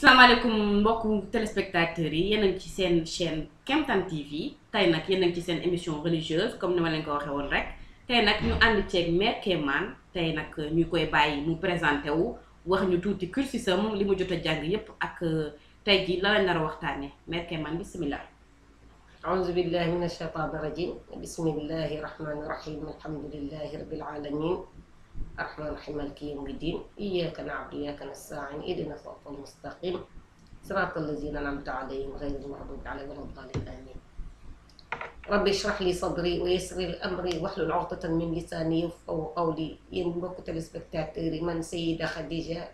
salaamaaleykum mbokku téléspectateurs yi yéen ci seen chaîne Kemtan TV tey nag yéen ci seen émission religieuse comme ni ma leen ko waxee woon rek tey nag ñu ànd ceeg mère Kémane tey nag ñu koy bàyyi mu présenté wu wax ñu tuuti cursusam li mu jot a jàng yépp ak euh, tey jii la lañ nar a waxtaanee mère Kémane bisimilah. aouzu billahi min achaytaani rajim bismillahi rahmani rahim alhamdulillahi rabbil alamin الرحمن الرحيم مالك يوم الدين إياك نعبد إياك نستعين إذن الصراط المستقيم صراط الذين أنعمت عليهم غير المغضوب عليهم ولا الضالين آمين ربي اشرح لي صدري ويسر لي أمري واحلل عقدة من لساني يفقهوا قولي ينبك تلسبكتاتيري من سيدة خديجة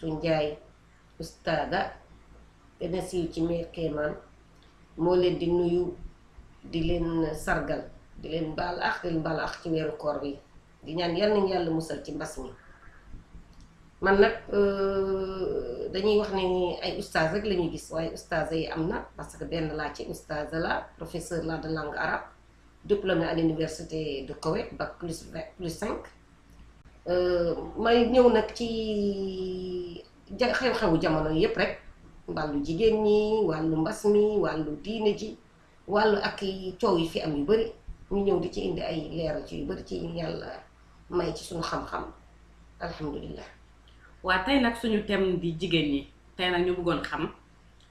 تنجاي أستاذة تنسيو تيمير كيمان مولد دي di دي لين سرقل دي لين بالأخ دي لين بالأخ ak ci di ñaan yal nañu yàlla musal ci mbas mi man nag euh, dañuy wax ne ay oustaz rek la gis waaye oustaz yi am na parce que benn laa ci oustaz la professeur la de langue arabe diplômé à l'université de Koweït bac plus plus cinq euh, may ñëw nag ci xew-xewu jamono yépp rek wàllu jigéen ñi wàllu mbas mi wàllu diine ji wàllu ak coow yi fi am yu bari ñu ñëw di ci indi ay leeral ci yu bari ci yàlla may ci suñu xam-xam alhamdulilah waa tey nag suñu thème di jigéen ñi tey nag ñu bëggoon xam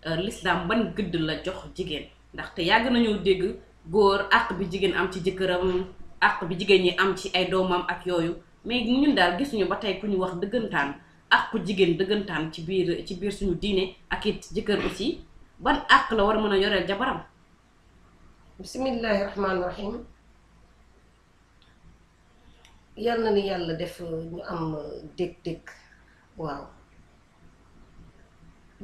euh, l'islam ban gëdd la jox jigéen ndaxte yàgg nañoo dégg góor àq bi jigéen am ci jëkkëram àq bi jigéen ñi am ci ay doomam ak yooyu mais ñun daal gisuñu ba tey ku ñu wax dëggantaan àqu jigéen dëggantaan ci biir ci biir suñu diine ak it jëkkër ci ban àq la war a mën a yoreel jabaram bismillahi rahmaani rahim yal na ni yàlla def uh, ñu am uh, dégg-dégg waaw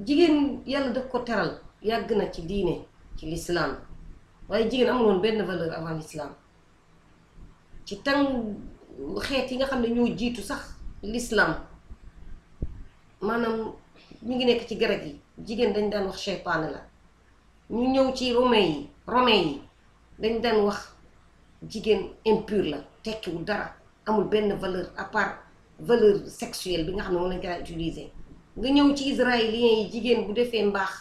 jigéen yàlla daf ko teral yàgg na ci diine ci lislaam waaye jigéen amul woon benn valeur avant l'islam ci tàng xeet yi nga xam ne ñoo jiitu sax l'islam maanaam ñu ngi nekk ci grec yi jigéen dañ daan wax cheytaane la ñu ñëw ci romain yi romain yi dañ daan wax jigéen impur la tekkiwul dara amul benn valeur à part valeur sexuelle bi nga xam ne moom lañ ko daan utiliser nga ñëw ci israélien yi jigéen bu defee mbaax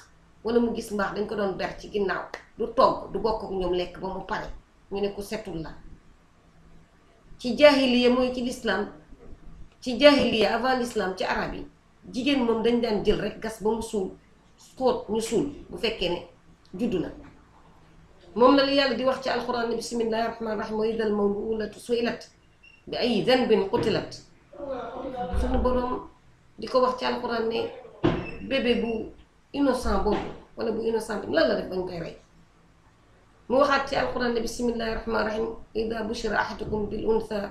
wala mu gis mbaax dañ ko doon ber ci ginnaaw du togg du bokk ak ñoom lekk ba mu pare ñu ne ku setul la ci jaahiliya mooy ci l'islam ci jaahiliya avant l'islam ci arab yi jigéen moom dañ daan jël rek gas ba mu suul xóot ñu suul bu fekkee ne juddu na moom la yàlla di wax ci alxuraan ne bismillahi rahmaani rahim wa idal mawluulatu suilat باي ذنب قتلت سونو بوروم ديكو واخ تي القران ني بيبي بو انوسان بوب ولا بو انوسان لا لا ديك بان كاي راي مو واخات تي القران بسم الله الرحمن الرحيم اذا بشر احدكم بالانثى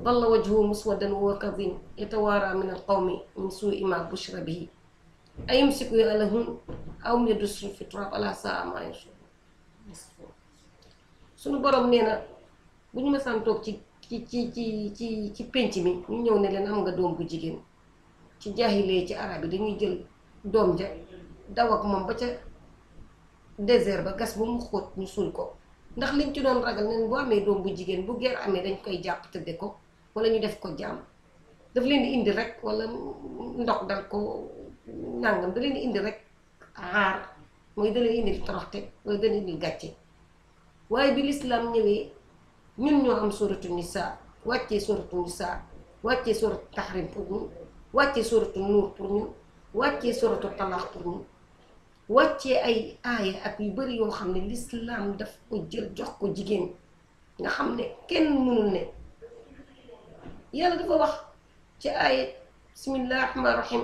ظل وجهه مسودا وهو كظيم يتوارى من القوم من سوء ما بشر به ايمسكوا لهم او يدس في التراب على ساعة ما يشوف سونو بوروم نينا بو ني ما سان توك تي ci ci ci ci ci pénc mi ñu ñëw ne leen am nga doom bu jigéen ci jaahilee ci arab yi dañuy jël doom ja daw moom ba ca désert ba gas ba mu xóot ñu suul ko ndax liñ ci doon ragal neen bu amee doom bu jigéen bu geer amee dañ koy jàpp tëdde ko wala ñu def ko jaam daf leen di indi rek wala ndox dal ko nàngam da leen indi rek aar mooy da leen indi toroxte wala da indi gàcce waaye bi lislaam ñëwee ñun ñoo am suratu nisa wàcce suratu nisa wàcce suratu tahrim pour ñun wàccee suratu nuur pour ñun wàccee suratu talaax pour ñun wàccee ay aaya ak yu bari yoo xam ne lislaam daf ko jël jox ko jigéen nga xam ne kenn mënul ne yàlla dafa wax ci aaya bismillahi rahmaani rahim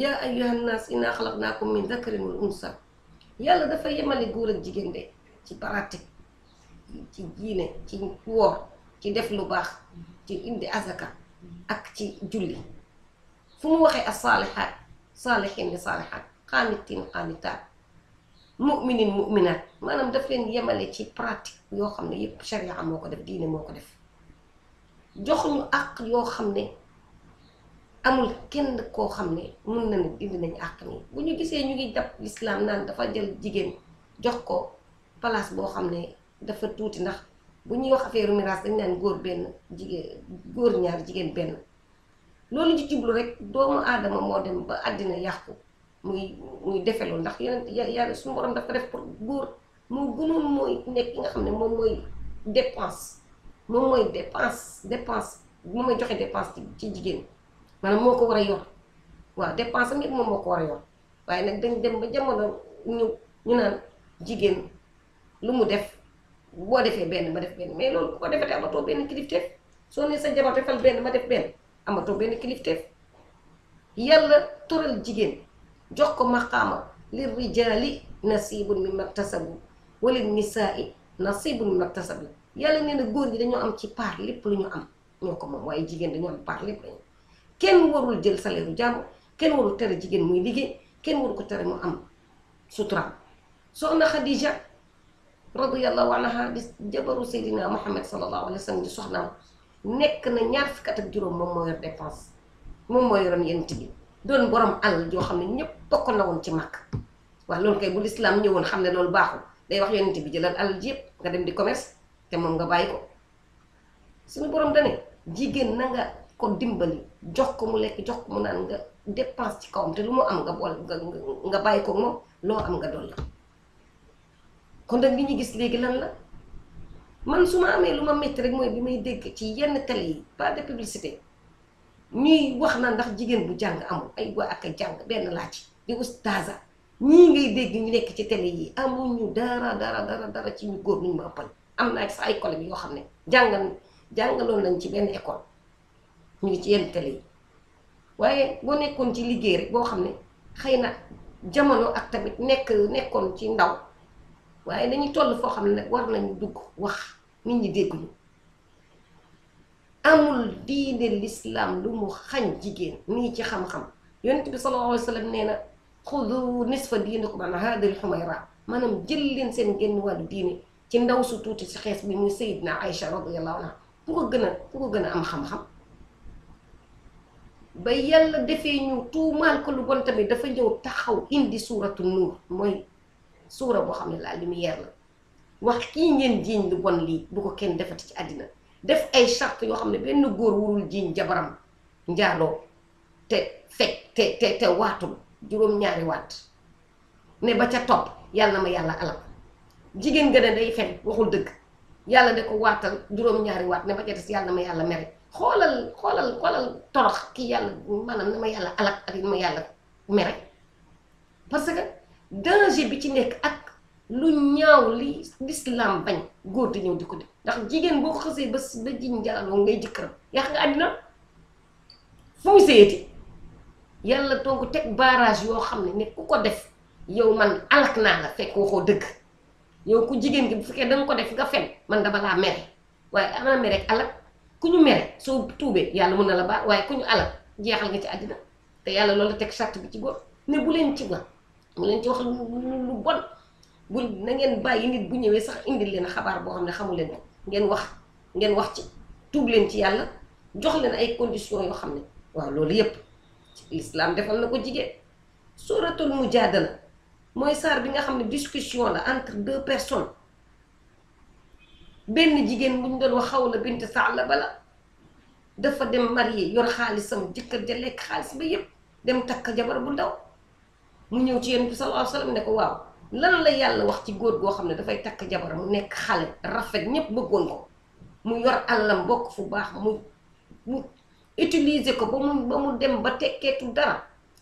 ya ayyuha nnaas innaa xalaqnaakum min dakarin wa unsa yàlla dafa yemale góor ak jigéen de ci pratique ci diine ci woor ci def lu baax ci indi azaka ak ci julli fu mu waxee ak saalihaat saalihiin ni saalihaat xaanitiin xaanitaat muminin muminaat maanaam daf leen yemale ci pratique yoo xam ne yépp sharia moo ko def diine moo ko def jox ñu àq yoo xam ne amul kenn koo xam ne mun na ne dindi nañ àq nii bu ñu gisee ñu ngi jàpp lislaam naan dafa jël jigéen jox ko place boo xam ne dafa tuuti ndax bu ñuy wax affaire miraas dañ naan góor benn jigéen góor ñaar jigéen benn loolu ci jublu rek doomu aadama moo dem ba àddina yàqu muy muy defelu ndax yeneen yàlla suñu borom dafa def pour góor moo gënoon mooy nekk ki nga xam ne moom mooy dépense moom mooy dépense dépense moom mooy joxe dépense ci jigéen maanaam moo ko war a yor waaw dépense am it moom moo ko war a yor waaye nag dañ dem ba jamono ñu ñu naan jigéen lu mu def boo defee benn ma def benn mais loolu ko defee te amatoo benn kilifteef soo ne sa jabar defal benn ma def benn amatoo benn kilifteef yàlla toral jigéen jox ko maqaama li rijaali nasibun mimma ktasabu wa lin nisaai nasibun mimma ktasabu yàlla nee na góor gi dañoo am ci part lépp lu ñu am ñoo ko moom waaye jigéen dañoo am part lépp lañu kenn warul jël salaire u jàmm kenn warul tere jigéen muy liggéey kenn warul ko tere mu am suturaam soxna Xadija radiyallahu anha di jabaru Seydina Muhammad sallallahu alaihi wasallam di soxnaam nek na ñaar fi kat ak juroom mom moy dépense mom moy yoroon yent bi doon borom al jo xamni ñepp tok na won ci makk wax lool kay bu l'islam ñëwoon xamne lool baxu day wax yonent bi jëlal al jep nga dem di commerce te mom nga bayiko suñu borom dane jigen na nga ko dimbali jox ko mu lek jox ko mu nan nga dépense ci kawam te lu mu am nga bol nga bayiko lo am nga dolli kon nag li ñu gis léegi lan la man su ma amee lu ma metti rek mooy bi may dégg ci yenn télé yi pas de publicité ñuy wax na ndax jigéen bu jàng amul ay waa ak a jàng benn laaj di ustaaza ñii ngay dégg ñu nekk ci télé yi amuñu dara dara dara dara ci ñu góor ñu ma ëppal am naa sax ay collègues yoo xam ne jàngal jàngaloon lañ ci benn école ñu ngi ci yenn télé yi waaye boo nekkoon ci liggéey rek boo xam ne xëy na jamono ak tamit nekk nekkoon ci ndaw. waaye dañuy toll foo xam ne nag war nañ dugg wax nit ñi dégguñu amul diine lislaam lu mu xañ jigéen nii ci xam-xam yonent bi sallallahu alayhi wa sallam nee na xudu nisfa diinikum an haadil xumayra maanaam jël leen seen génn wàllu diine ci ndaw su tuuti si xees bi muy sayidna Aïcha radiyallahu anha ku ko gën a ku ko gën a am xam-xam ba yàlla defee ñu tuumaal ko lu bon tamit dafa ñëw taxaw indi suuratu nuur mooy suura boo xam ne la lumière na wax kii ngeen jiiñ lu bon lii bu ko kenn defati ci àddina def ay charte yoo xam ne benn góor wurul jiiñ jabaram njaaloo te fekk te te te waatul juróom-ñaari waat ne ba ca topp yàlla na ma yàlla alal jigéen gën a day fen waxul dëgg yàlla de ko waatal juróom-ñaari waat ne ba ca yàlla ma yàlla mere xoolal xoolal xoolal torox kii yàlla a na ma yàlla alal ak na ma yàlla mere parce que danger bi ci nek ak lu ñaaw li l'islam bañ goor di ñew di ko def ndax jigen bo xese ba ba jiñ jaaloo ngay jëkkëram ya nga adina fu muy séyati yàlla donc teg barrage yo xamne nek ne ku ko def yow man alak na la fekk waxo deug yow ku jigen gi bu fekkee da ko def nga fen man dama la mer way ana mer rek alak ku ñu mere soo tuubee yàlla mun na la ba way ku ñu alak jeexal nga ci adina te yalla loolu tek charte bi ci goor ne bu len ci nga mu leen ci wax lu lu bon bu nangeen bàyyi nit bu ñëwee sax indil leen xabaar boo xam ne xamu leen ko ngeen wax ngeen wax ci tuub leen ci yàlla jox leen ay conditions yoo xam ne waaw loolu yépp ci lislaam defal na ko jigéen suratul mujaadala mooy saar bi nga xam ne discussion la entre deux personnes benn jigéen bu doon wax xaw Xawla bint Saala bala dafa dem marié yor xaalisam jëkkër ja lekk xaalis ba yépp dem takk jabar bu ndaw mu ñëw ci yonent bi sallallahu alayhi wa sallam ne ko waaw lan la yàlla wax ci góor goo xam ne dafay takk jabar mu nekk xale rafet ñépp bëggoon ko mu yor àllam bokk fu baax mu mu ko ba mu ba dem ba tekkeetu dara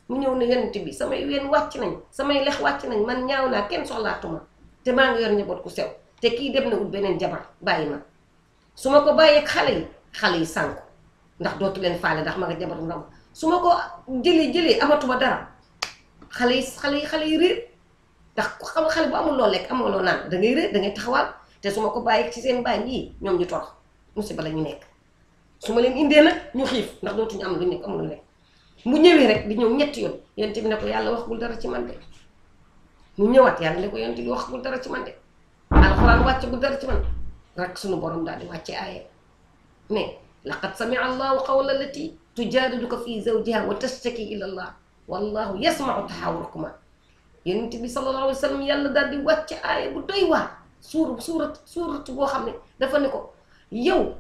mu ñëw na yonent bi samay ween wàcc nañ samay lex wàcc nañ man ñaaw naa kenn soxlaatuma te maa ngi yor njaboot ku sew te kii dem na ut beneen jabar bàyyi ma su ma ko bàyyeeg xale yi xale yi sànku ndax dootu leen faale ndax ma nga jabar ndaw su ma ko jëlee jëlee amatuma dara xale yi xale yi xale yi réer ndax xam xale bu amul loo lekk amul loo naan da ngay réer da ngay taxawal te su ma ko bàyyi ci seen bàyyi yii ñoom ñu torox musiba la ñu nekk su ma leen indee nag ñu xiif ndax dootuñu am lu nekk amul lu nekk mu ñëwee rek di ñëw ñetti yoon yonent bi ne ko yàlla waxagul dara ci man de mu ñëwaat yàlla ne ko bi waxagul dara ci man de alxuraan wàccagul dara ci man rek sunu borom daal di wàcce aaye ne laqad samia allahu qawla allati tujaadiluka fi zawjiha wa tashtaki ila allah wallahu yasmau taxawurakuma yonent bi sallallahu alayhi wa sallam yàlla daal di wàcc aaya bu doy waar suur suurat suurat boo xam ne dafa ne ko yow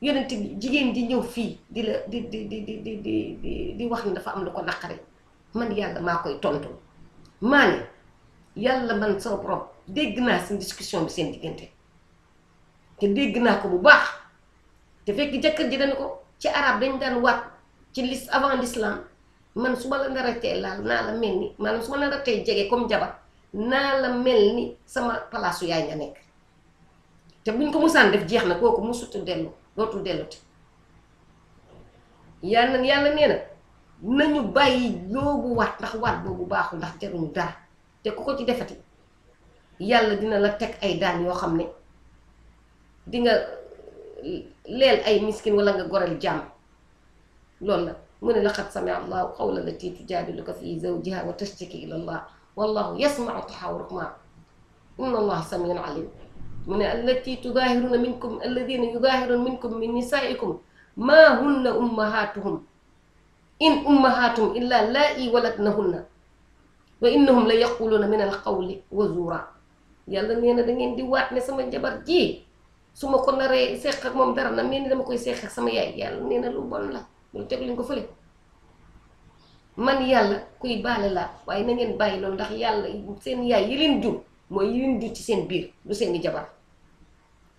yonent bi jigéen ji ñëw fii di la di di di di di wax ni dafa am lu ko naqare man yàlla maa koy tontu maa ne yàlla man sama borom dégg naa seen discussion bi seen diggante te dégg naa ko bu baax te fekk jëkkër ji dañ ko ci arab dañ daan waat ci lis avant l'islam man su ma la naratee laal naa la mel ni man su ma la naratee jege comme jabar naa la mel ni sama palaasu yaay nga nekk te buñ ko musaan def jeex na kooku musutu dellu dootul delluti yàlla yàlla nee na nañu bàyyi loobu waat ndax waat boobu baaxul ndax jaruñu dara te ku ko ci defati yàlla dina la teg ay daan yoo xam ne di nga leel ay miskin wala nga goreel jàmm loolu la من لقد سمع الله قول التي تجادلك في زوجها وتشتكي إلى الله والله يسمع تحاوركما إن الله سميع عليم من التي تظاهرون منكم الذين يظاهرون منكم من نسائكم ما هن أمهاتهم إن أمهاتهم إلا لائي ولدنهن وإنهم ليقولون من القول وزورا يلا نينا na da ngeen di waat ne sama jabar ji su ma ko naree seq ak moom loolu teg lañ ko fële man yàlla kuy baale laa waaye na ngeen bàyyi loolu ndax yàlla seen yaay yi leen jur mooy yi leen jur ci seen biir lu seen i jabar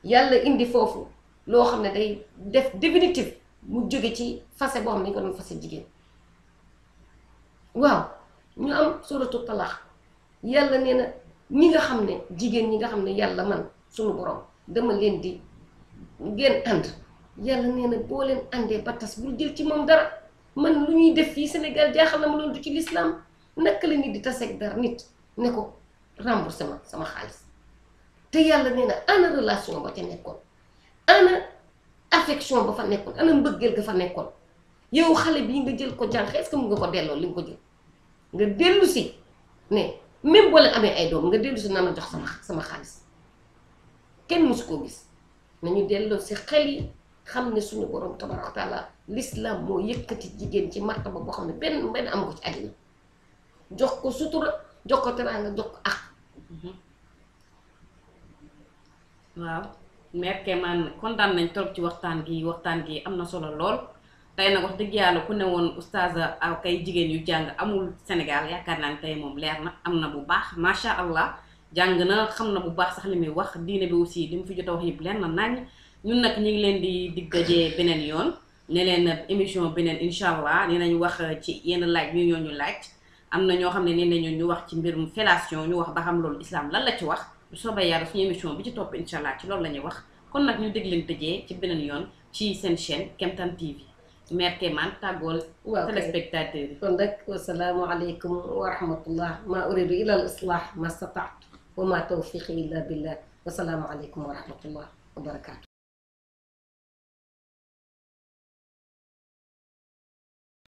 yàlla indi foofu loo xam ne day def définitive mu jóge ci fase boo xam ne dañ ko doon fase jigéen waaw ñu am suratu talaax yàlla nee na ñi nga xam ne jigéen ñi nga xam ne yàlla man suñu borom dama leen di ngeen ànd yàlla nee na boo leen àndee ba tas bul jël ci moom dara man lu ñuy def fii Sénégal jaaxal na ma loolu du ci lislaam naka la nit di taseeg dara nit ne ko remboursé ma sama xaalis te yàlla nee na ana relation ba ca nekkoon ana affection ba fa nekkoon ana mbëggeel ga fa nekkoon yow xale bii nga jël ko jànq est-ce nga ko delloo li nga ko jël nga dellu si ne même boo leen amee ay doom nga dellusi si na la jox sama sama xaalis kenn musu koo gis nañu delloo si xel yi xam ne suñu borom tabaraka wa taala l'islam moo yëkkati jigéen ci martaba boo xam ne benn benn am ko ci àddina jox ko sutura jox ko teraanga jox ko mhm. kontaan nañ trop ci waxtaan gi waxtaan gi am na solo lool tey nag wax dëgg yàlla ku ne woon oustaz aw kay jigéen yu jàng amul Sénégal yaakaar naa ne tey moom leer na am na bu baax macha allah jàng na xam na bu baax sax li muy wax diine bi aussi li mu fi jot a wax yëpp leer na nañ ñun nak ñi ngi leen di dig dajee beneen yoon ne leen émission benen inshallah allah dinañ wax ci yeen laaj ñu ñoo ñu laaj amna ño xamné xam ne nañu ñu wax ci mbirum fellation ñu wax ba xam loolu islam lan la ci wax bu soobee yàlla suñu émission bi ci top inshallah ci loolu la wax kon nak ñu dégg leen tëjee ci benen yoon ci seen chaîne Kemtan TV mère Kéman tàggool téléspectateur yi kon nag alaykum wa rahmatullah ma uridu ila al islah ma stataatu wa ma tawfiqi illa billah wa alaykum wa rahmatullah wa barakatu